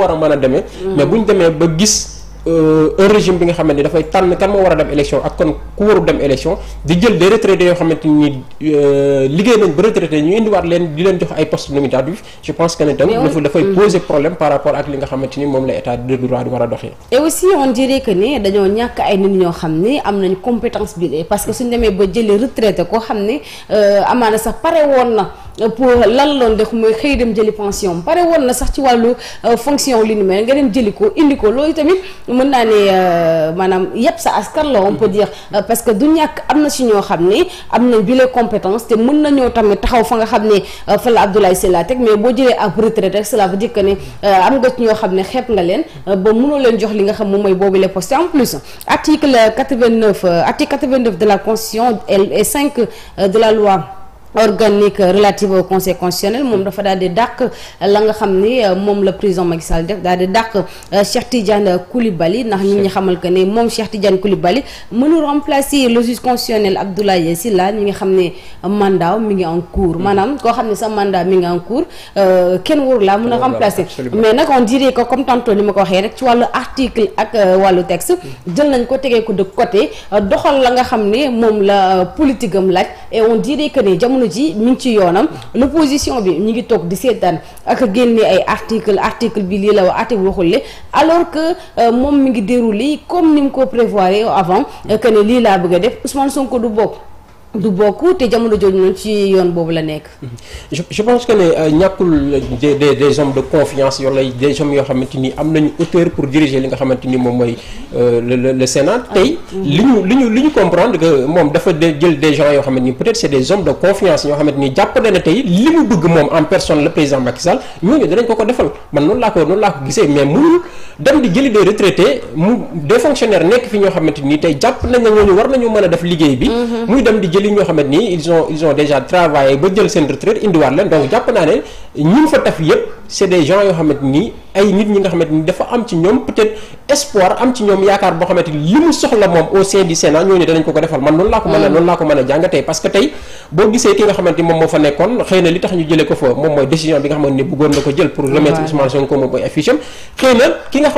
war a mën a demee mm. mais bu buñ demee ba gis Euh, un régime bi nga xamante ni dafay tànn kan moo war a dem élection ak kon ku warul dem élection di jël des retraités yoo xamante ni euh, liggéey nañ ba retraité ñu indiwaat leen di leen jox ay post nominatifs que ne tam dafay mm. poser problème par rapport ak li nga xamante ni moom la état de di war a doxee. et aussi on dirait que ne dañoo ñàkk ay nit ñoo xam ne am nañ compétence bi de parce que suñ demee ba jëlee retraité koo xam ne euh, amaana sax pare woon na. pour lan loon def mooy xëy dem jëli pension pare woon na sax ci wàllu fonction li ni nga dem jëli ko indi ko loolu tamit mën naa ne euh, maanaam yëpp sa askan la on peut dire euh, parce que du ñàkk am na si ñoo xam ne am nañ bile compétence te mun mën nañoo tamit taxaw fa nga xam ne euh, fa la Abdoulaye Sylla teg mais boo jëlee ab retraite rek ba veut dire ne am nga ci ñoo xam ne xeeb nga leen ba mënoo leen jox li nga xam moom mooy boobu les postes en plus article 89 article 89 de la constitution et 5 de la loi organique relative au conseil constitutionnel moom dafa daal di dàq la nga xam ni euh, moom la président Macky Sall def daal di dàq euh, Cheikh Tidiane Koulibaly ndax ñi ngi xamal que ne moom Cheikh Tidiane Koulibaly mënu remplacer le juge constitutionnel Abdoulaye la ñi nga xam ne mandat mi ngi en cours mm-hmm. maanaam koo xam ne sa mandat mi ngi en cours euh, kenn waru laa mën a remplacer mais nag on dirait ko comme tantôt ni ma ko waxee rek ci wàllu article ak wàllu texte mm-hmm. jël nañ ko tegee ko de côté doxal la nga xam ne moom la politique am laaj jamono ji mi ngi ci yoonam position bi ñu ngi toog di seetaan ak génne ay article article bi lii la wax article waxul li alors que euh, moom mi ngi déroulé comme ni mu ko prévoir avant euh, que ne lii laa bëgg a def Ousmane Sonko du bokk du bokk te jamono jooju noonu ci yoon boobu la nekk. je pense que ne euh, ñàkkul euh, des des des hommes de confiance yoo lay des hommes yoo am nañu hauteur pour moom mooy euh, Sénat. Ah. tey mm-hmm. li ñu li ñu li ñu comprendre que moom dafa jël des gens yoo xamante ni peut-être c'est des hommes de confiance yoo xamante ni jàpp na ne tey li mu bëgg moom en ko ko defal man noonu laa ko noonu laa ko gisee mais mënul dem di jëli des retraités mu des fonctionnaires nekk fi ñoo xamante ni tey jàpp nañ ne ñooñu war nañu mën a def liggéey bi. Mm-hmm. muy dem di li ñoo xamante ni ils on ils ont déjà travaillé ba jël seen retraite indiwaat leen donc jàpp naa ne ñi fa taf yëpp c'est des gens yoo xamante ni ay nit ñi nga xamante ni dafa am ci ñoom peut espoir am ci ñoom yaakaar boo xamante li mu soxla moom au sein du Sénat danañ ko ko defal man noonu laa ko mën a mm. noonu laa ko a jàngatee parce que tey boo gisee ki nga xamante moom na li tax ñu jëlee ko fa moom mooy décision bi nga na ko jël pour remettre Ousmane Sonko moom mooy affiche am xëy na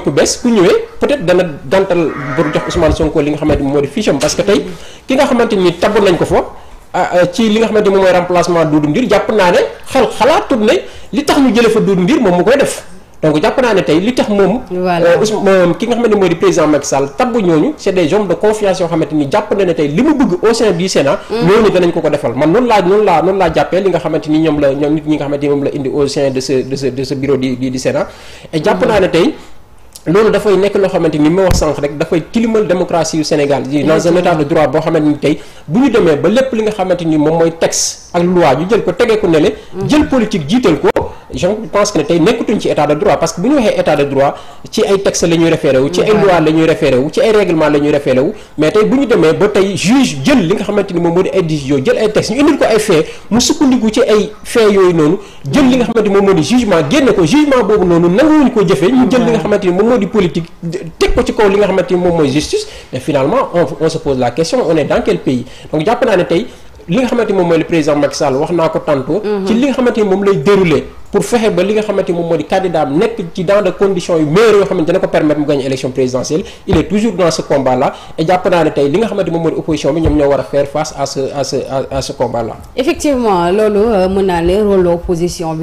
ku bees ku ñëwee peut dana gantal pour jox Ousmane Sonko li nga xamante moo di fiche am tey ki nga xamante ni tabu nañ ko fa Ah, ah, ci li nga xamante moom mooy remplacement Doudou Ndir jàpp naa ne xel xalaatut ne li tax ñu jëlee fa Doudou Ndir moom mu koy def donc jàpp naa ne tey li tax moom. Euh, Ousmane ki nga xamante ne mooy di président Macky Sall tabbu ñooñu c' est jàpp na ne tey li mu bëgg mm. defal man noonu laa noonu laa noonu li nga xamante ni ñoom la ñoom nit ñi nga xamante ni moom la indi au sein de ce de ce de bureau du du Sénat. et jàpp mm. naa ne tey. loolu dafay nekk loo xamante ni ma wax sànq rek dafay tilimal démocratie yu Sénégal yi dans un état de droit boo xamante ni tey bu ñu demee ba lépp li nga xamante ni moom mooy texte ak loi ñu jël ko tege ko nele jël politique jiital ko je pense que ne tey nekkutuñ ci état de droit parce que bu ñu waxee état de droit ci ay textes la ñuy ci ay loi la ñuy ci ay règlement la ñuy mais tey bu ñu demee ba tey juge jël li nga xamante moom moo di jugement génne ko jugement boobu noonu nanguwuñ ko jëfee ñu jël li nga xamante moom moo di politique teg ko ci kaw li nga xamante moom mooy justice finalement on on pose la question on est dans quel pays donc jàpp naa ne tey li pour fexe ba li nga xamante moom moo di candidat am nekk ci dans des conditions yu meilleures yoo xamante dina ko permettre mu gagner élection présidentielle il est toujours dans ce combat là et jàpp naa ne tey li nga xamante moom bi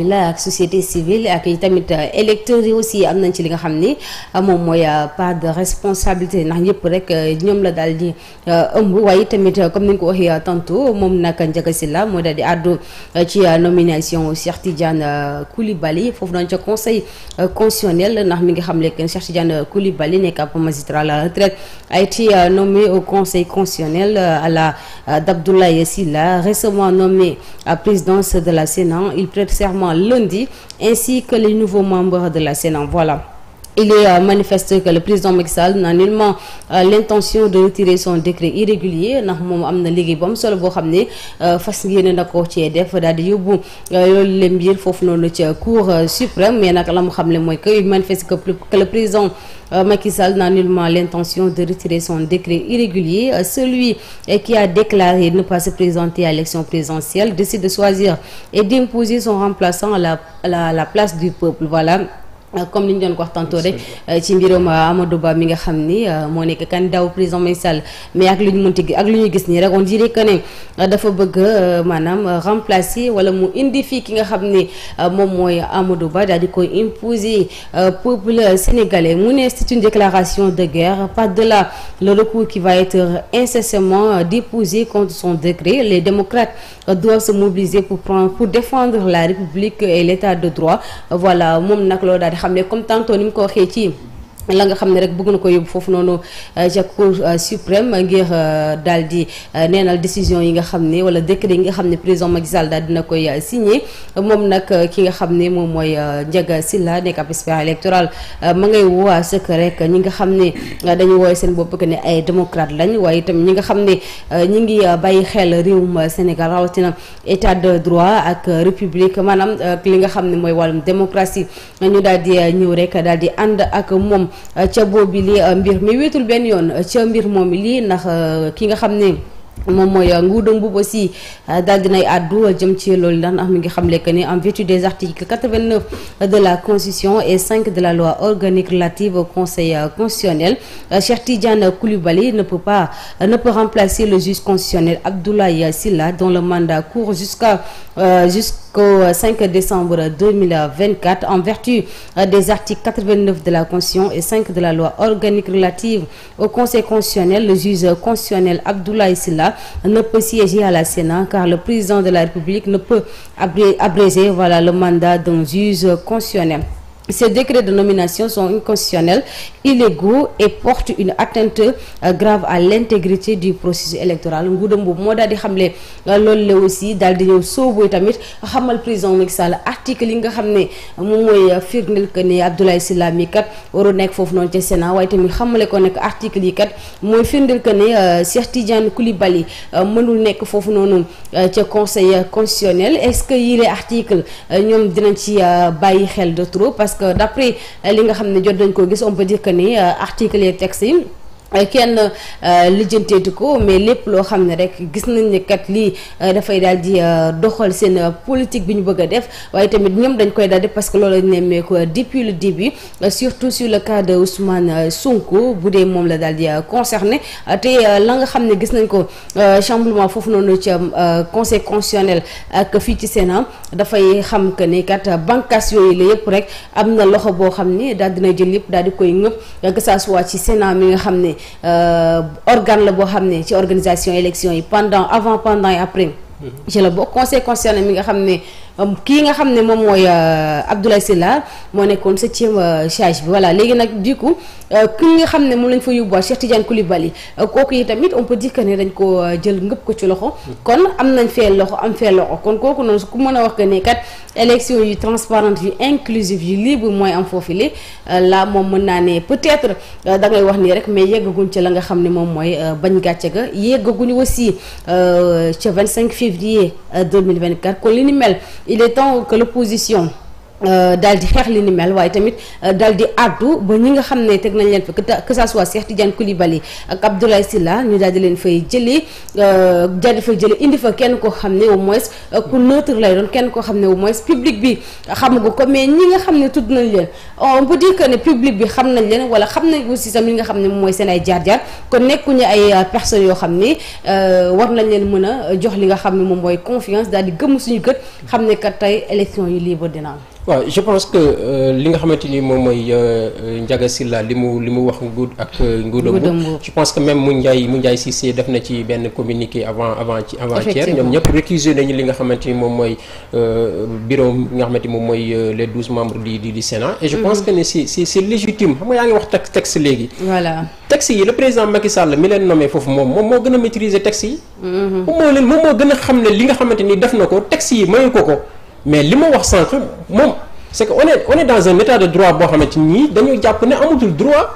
la ak société civile ak i tamit euh, électeurs yi aussi am nañ ci li nga xam ni euh, moom mooy euh, part de responsabilité ndax ñëpp rek ñoom la daal di ëmb waaye tamit comme ni nga ko waxee tantôt moom nag si la moo daal di àddu ci nomination Cheikh Tidiane. Koulibaly foofu nañ ca conseil euh, constitutionnel ndax mi ngi xam leen Cheikh Tidiane euh, Koulibaly nekk ab magistrat à la retraite a euh, nommé au conseil constitutionnel à la d'Abdoulaye Sylla récemment nommé à présidence de la Sénat il prête serment lundi ainsi que les nouveaux membres de la Sénat voilà Il est euh, manifeste que le président Macky Sall n'a nullement euh, l'intention de retirer son décret irrégulier ndax moom am na liggéey bu am solo boo xam ne euh, fas yéene na ko cee def daal di yóbbu loolu le mbir foofu noonu ca cour suprême mais nag la mu xam ne mooy que il manifeste que le président Macky Sall n'a nullement l'intention de retirer son décret irrégulier celui qui a déclaré ne pas se présenter à l'élection présidentielle décide de choisir et d'imposer son remplaçant la la place du Euh, comme ni ñu doon ko wax tantôt rek euh, ci mbirum euh, Amadou Ba mi nga xam ni moo nekk kan daw président Macky Sall mais ak lu ñu mënti ak lu ñu gis nii rek on dirait que ne dafa bëgg maanaam remplacer wala mu indi fii ki nga xam ni moom mooy Amadou Ba di koy imposer peuple sénégalais mu ne c'est une déclaration de guerre de delà le recours qui va être incessamment déposé contre son décret les démocrates doivent se mobiliser pour prendre pour défendre la République et l'état de droit voilà moom nag loolu xam ne comme tantôt ni mu ko waxee ci la nga xam ne rek bëgg na ko yóbbu foofu noonu euh, ca cour euh, suprême euh, daal di neenal décision yi nga xam ne wala décret yi nga xam ne président Macky daal dina koy signé moom nag ki nga xam ne moom mooy Ndiaga Sylla nekk ab expert électoral ma ngay woowa sëkk rek ñi nga xam ne dañu wooye seen bopp que ne ay démocrate lañ waaye itam ñi nga xam ne ñi ngi bàyyi xel réewum Sénégal rawatina état de droit ak république maanaam li nga xam ne mooy wàllum démocratie ñu daal di ñëw rek daal di ànd ak moom Euh, ca boobi li euh, mbir mi wéetul benn yoon euh, ca mbir moom lii ndax ki nga xam ne moom mooy Ngouda Mboup aussi daal dinay àddu jëm ci loolu ndax mi ngi xamle que ni en vertu des articles 89 de la constitution et 5 de la loi organique relative au conseil constitutionnel Cheikh Tidiane Koulibaly ne peut pas ne peut remplacer le juge constitutionnel Abdoulaye Sylla dont le mandat court jusqu'à jusqu jusqu'au 5 euh, décembre 2024 en vertu euh, des articles 89 de la Constitution et 5 de la loi organique relative au Conseil constitutionnel. Le juge constitutionnel Abdoulaye Sylla ne peut siéger à la Sénat car le président de la République ne peut abréger voilà, le mandat d'un juge constitutionnel. Ces décrets de nomination sont inconstitutionnels, illégaux et portent une atteinte euh, grave à l'intégrité du processus électoral Ngouda Mboup moo daal di xamle euh, loolu la aussi daal di ñëw sóobooy tamit xamal président Macky Sall article yi nga xam ne moom mooy euh, firndeel que ne Abdoulaye Sylla mi kat waru nekk foofu noonu ca Sénat waaye tamit xamale ko nekk article yi kat mooy firndeel que ne Cheikh Tidiane Koulibaly mënul nekk foofu noonu ca conseil constitutionnel est-ce que yile article ñoom dinañ bàyyi xel que euh, li nga xam ne jot nañ koo gis on peut dire que ni euh, article yi texte Euh, kenn euh, lijjanteetu ko mais lépp loo xam ne rek gis nañ ne kat lii euh, dafay daal di doxal seen politique bi ñu bëgg a def waaye tamit ñoom dañ koy daal di parce que loolu lañ nemmee ko depuis le début surtout sur le cas de Ousmane Sonko bu dee moom la daal di concerné te la nga xam ne gis nañ ko chamboulement foofu noonu ci conseil constitutionnel ak fii ci Sénat dafay xam que ni kat bànqaas yooyu la yëpp rek am na loxo boo xam ni daal na jël yëpp daal di koy ñëpp que ça ci Sénat mi nga xam ne. Euh, organe la boo xam ne ci organisation élection yi pendant avant pendant et après. ci la bokk conseil concerné mi nga xam ne. Euh, kii nga xam ne moom mooy euh, Abdoulaye Sylla moo nekkoon septième euh, charge bi voilà léegi nag du ki nga xam ne moom lañ fa yóbbuwaat Cheikh Tidiane Koulibaly kooku yi tamit on peut dire que dañ ko jël ngëpp ko ci loxo kon am nañ fee loxo am fee kon kooku noonu ku mën a wax que ne kat élection yu transparente yu inclusive yu libre mooy am foofu li la moom mën naa ne peut-être da ngay wax nii rek mais yeggaguñ ci la nga xam ne moom mooy bañ gàcce ga yeggaguñu aussi ca 25 février 2024 kon li ni mel il est temps que l'opposition Euh, daal di xeex li ni mel waaye tamit euh, daal di àddu ba ñi nga xam ne teg nañ leen fa que ça soit Cheikh Tidiane Koulibaly ak Abdoulaye Sylla ñu daal di leen fay jëlee euh, daal di fay jëlee indi fa kenn koo xam ne au moins ku neutre lay doon kenn koo xam ne au moins publique bi xamagu ko mais ñi nga xam ne tudd nañ leen on peut dire ne public bi xam nañ leen wala xam nañ aussi tam li nga xam ne mooy seen ay jaar-jaar kon nekkuñu ay personnes yoo xam ne war nañ leen mën a jox li nga xam ne moom mooy confiance daal di gëmm suñu gët xam ne kat tey élection yi libre dina am waaw je pense que euh, li nga xamante ni moom mooy euh, euh, Ndiaga Sylla li mu li mu wax nguud ak a nguudam je pense que même mu Ndiaye mu Ndiaye Cissé def na ci benn communiqué avant avant ci avant hier ñoom ñëpp récuser nañu li nga xamante ni moom mooy bureau bi nga xamante ni moom mooy les douze membres du du du Sénat et je mm-hmm. pense que ne c'est c'est c'est légitime xam nga yaa ngi wax texte texte léegi voilà texte yi le président Macky Sall mi leen nommé foofu moom moom moo gën a maîtriser texte yi mm-hmm. moom moo xam ne li nga xamante ni def na ko texte yi mayu ko ko mais li ma wax sànq moom c'est que on est on est dans un état de droit boo xamante ni dañoo jàpp ne amatul droit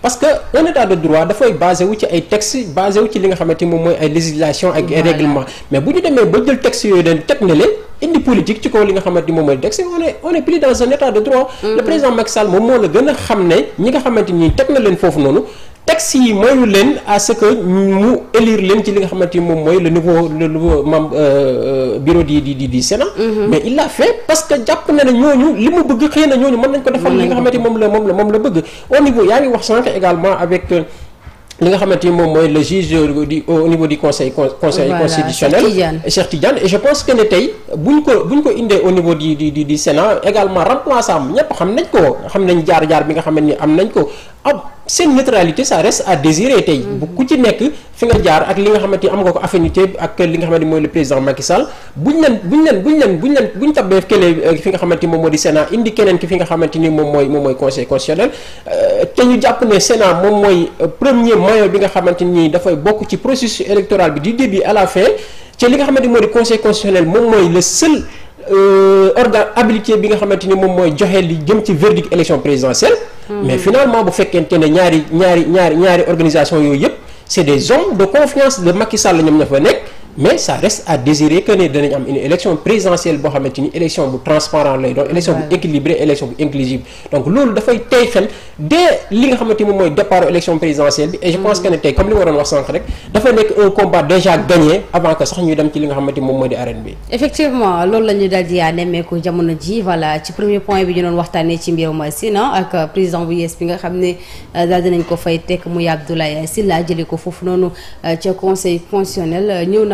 parce que un état de droit dafay basé wu ci ay textes basé wu ci li nga xamante ni moom mooy ay législation ak ay règlement mais bu ñu demee ba jël textes yooyu dañ teg ne leen indi politique ci kaw li nga xamante ni moom mooy mm-hmm. moo la gën a xam ne ñi nga xamante ni teg na leen foofu noonu. texte yi mayu leen à ce que mu élire leen ci li nga xamante ni moom mooy le nouveau le nouveau membre euh, euh, bureau di di di Sénat. Mm-hmm. mais il l'a fait parce que jàpp na ne ñooñu li mu bëgg xëy na ñooñu mën nañ ko defal li nga xamante ni moom la moom la moom la bëgg au niveau yaa ngi wax sànq également avec euh, li nga xamante ni moom mooy le juge du au niveau du conseil conseil constitutionnel Cheikh Tidiane et je pense que ne tey bu ñu ko bu ñu ko indee au niveau du di di Sénat également remplaçant am ñëpp xam nañ ko xam nañ jaar-jaar bi nga xamante ni am nañ ko am ah, seen neutralité ça reste à désirer tey mm-hmm. bu ku ci nekk fi nga jaar ak li nga xamante ni am nga ko affinité ak li nga xamante ni mooy le président Macky Sall buñ leen buñ leen buñ leen buñ leen euh, nga xamante ni moom moo di Sénat indi keneen ki fi nga xamante ni moom mooy moom conseil constitutionnel euh, te ñu jàpp ne Sénat moom mooy euh, premier maillon bi nga xamante ni dafay bokk ci processus électoral bi du début à la fin ci li nga xamante ni moo di conseil constitutionnel moom mooy le seul organe habilité bi nga xamante ni moom mooy joxe li jëm ci verdict élection présidentielle Hmm. mais finalement bu fekkente ne ñaari ñaari ñaari ñaari organisation yooyu yëpp c'est des hommes de confiance de Macky Sall ñoom ña fa nekk mais ça reste à désirer que ne danañ am une élection présidentielle boo xamante ni élection bu transparent lay doon élection bu équilibrée élection bu inclusive donc loolu dafay tey xel dès li nga xamante ni mooy départ élection présidentielle bi et je pense mm. que ne tey comme li ma doon wax sànq rek dafa nekk un combat déjà gagné avant que sax ñuy dem ci li nga xamante moom moo di arène bi effectivement loolu la ñuy di yaa nemmeeku jamono ji voilà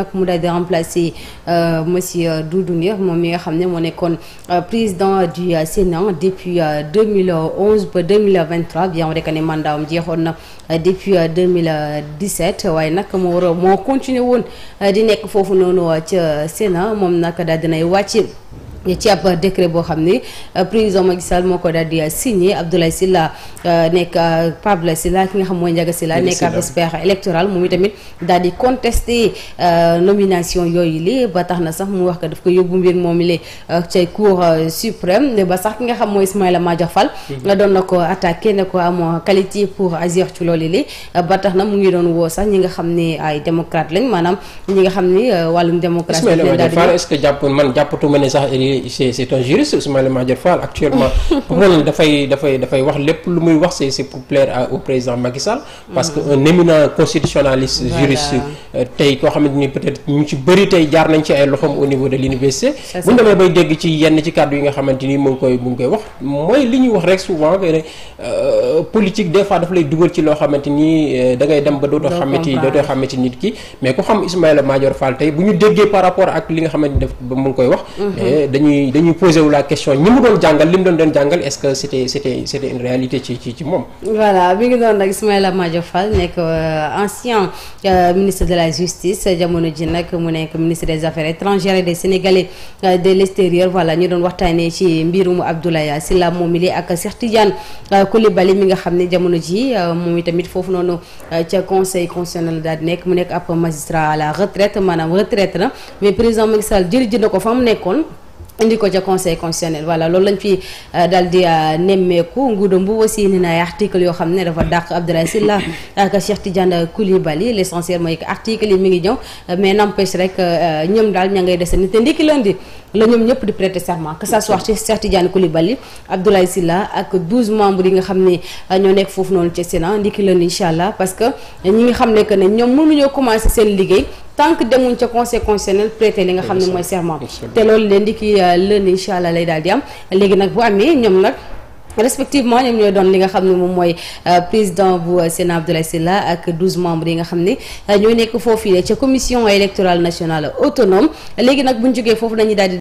nag mu daal di remplacer euh, monsieur euh, du Ndir moom mi nga xam ne moo nekkoon euh, président du Sénat depuis 2011 ba 2023 bien vrai que ne ni am jeexoon na depuis 2017 waaye nag moo war a moo continuer woon di nekk foofu noonu ca Sénat moom naka daal dinay wàcc ci ab décret boo xam ne euh, président Macky Sall moo ko daal di signé Abdoulaye Sylla euh, nekk euh, Pape Abdoulaye Sylla ki nga xam mooy Ndiaga Sylla nekk ab expert moom itamit daal di contesté nomination yooyu li ba tax na sax mu wax ko daf ko yóbbu mbir moom li cay cour suprême ba sax ki nga xam mooy Ismaïla Madior Fall mhm. doon na ko attaqué ne ko amoo qualité pour agir ci loolu li ba tax na mu ngi doon woo sax ñi nga xam ni ay démocrate lañ maanaam ñi nga xam ne c'est c'est un juriste Ismaïla Madior Fall actuellement moom dafay dafay dafay wax lépp lu muy wax c'est pour plaire au président Macky parce que mm-hmm. un éminent constitutionnaliste juriste euh, tey koo xamante ni peut-être ñu ci bëri tey jaar de l'université bu ñu demee bay dégg ci yenn ci kàddu yi nga xamante ni mu ngi koy mu ngi koy wax mooy li ñuy wax rek souvent que ne euh, politique des fois daf lay dugal ci loo xamante ni euh, da ngay dem ba dootoo xamante dootoo xamante nit ki mais ku xam Ismaïla Madior Fall tey bu ñu déggee par rapport ak li nga xamante ni daf mu ngi dañuy dañuy posé wu la question ñi mu doon jàngal li mu doon doon jàngal est-ce que c'était c'était c'était une réalité ci ci ci moom. voilà mi ngi doon nag Ismaïla Madior Fall nekk euh, ancien euh, ministre de la justice jamono ji nag mu nekk ministre des affaires étrangères et des sénégalais euh, de l'extérieur voilà ñu doon waxtaanee ci mbirum Abdoulaye Sylla Momili ak Cheikh mi nga xam ne jamono ji moom itamit foofu noonu ca conseil constitutionnel daal nekk mu nekk ab magistrat la retraite maanaam retraite na mais président Macky jël fa mu nekkoon. indi ko ca conseil constitutionnel voilà loolu lañ fi euh, dal di euh, nemmeeku Ngouda Mboup aussi nee na ay yoo xam ne dafa dàq Abdoulaye Sylla ak Cheikh Tidiane Coulibaly l' essentiel mooy que article yi mi ngi ñëw mais n' empêche rek euh, ñoom daal ña ngay dese ni te ndiki lundi la ñoom ñëpp di prêter serment que ça soit Cheikh Tidiane Coulibaly Abdoulaye Sylla ak 12 membres yi nga xam ne ñoo nekk foofu noonu ca Sénat ndiki lundi incha allah parce que ñi nga xam ne que ne ñoom mënuñoo commencé seen liggéey tant que demuñ ca conseil constitutionnel prêter li nga xam ne mooy serment te loolu leen di ki euh, lundi incha allah lay daal am léegi nag bu amee ñoom nag respectivement ñoom ñooy doon li nga xam ne moom mooy euh, président bu euh, Sénat Abdoulaye Sylla ak douze membres yi nga xam ne ñoo nekk foofu yi ca commission électorale national autonome léegi nag bu jógee foofu dañuy daal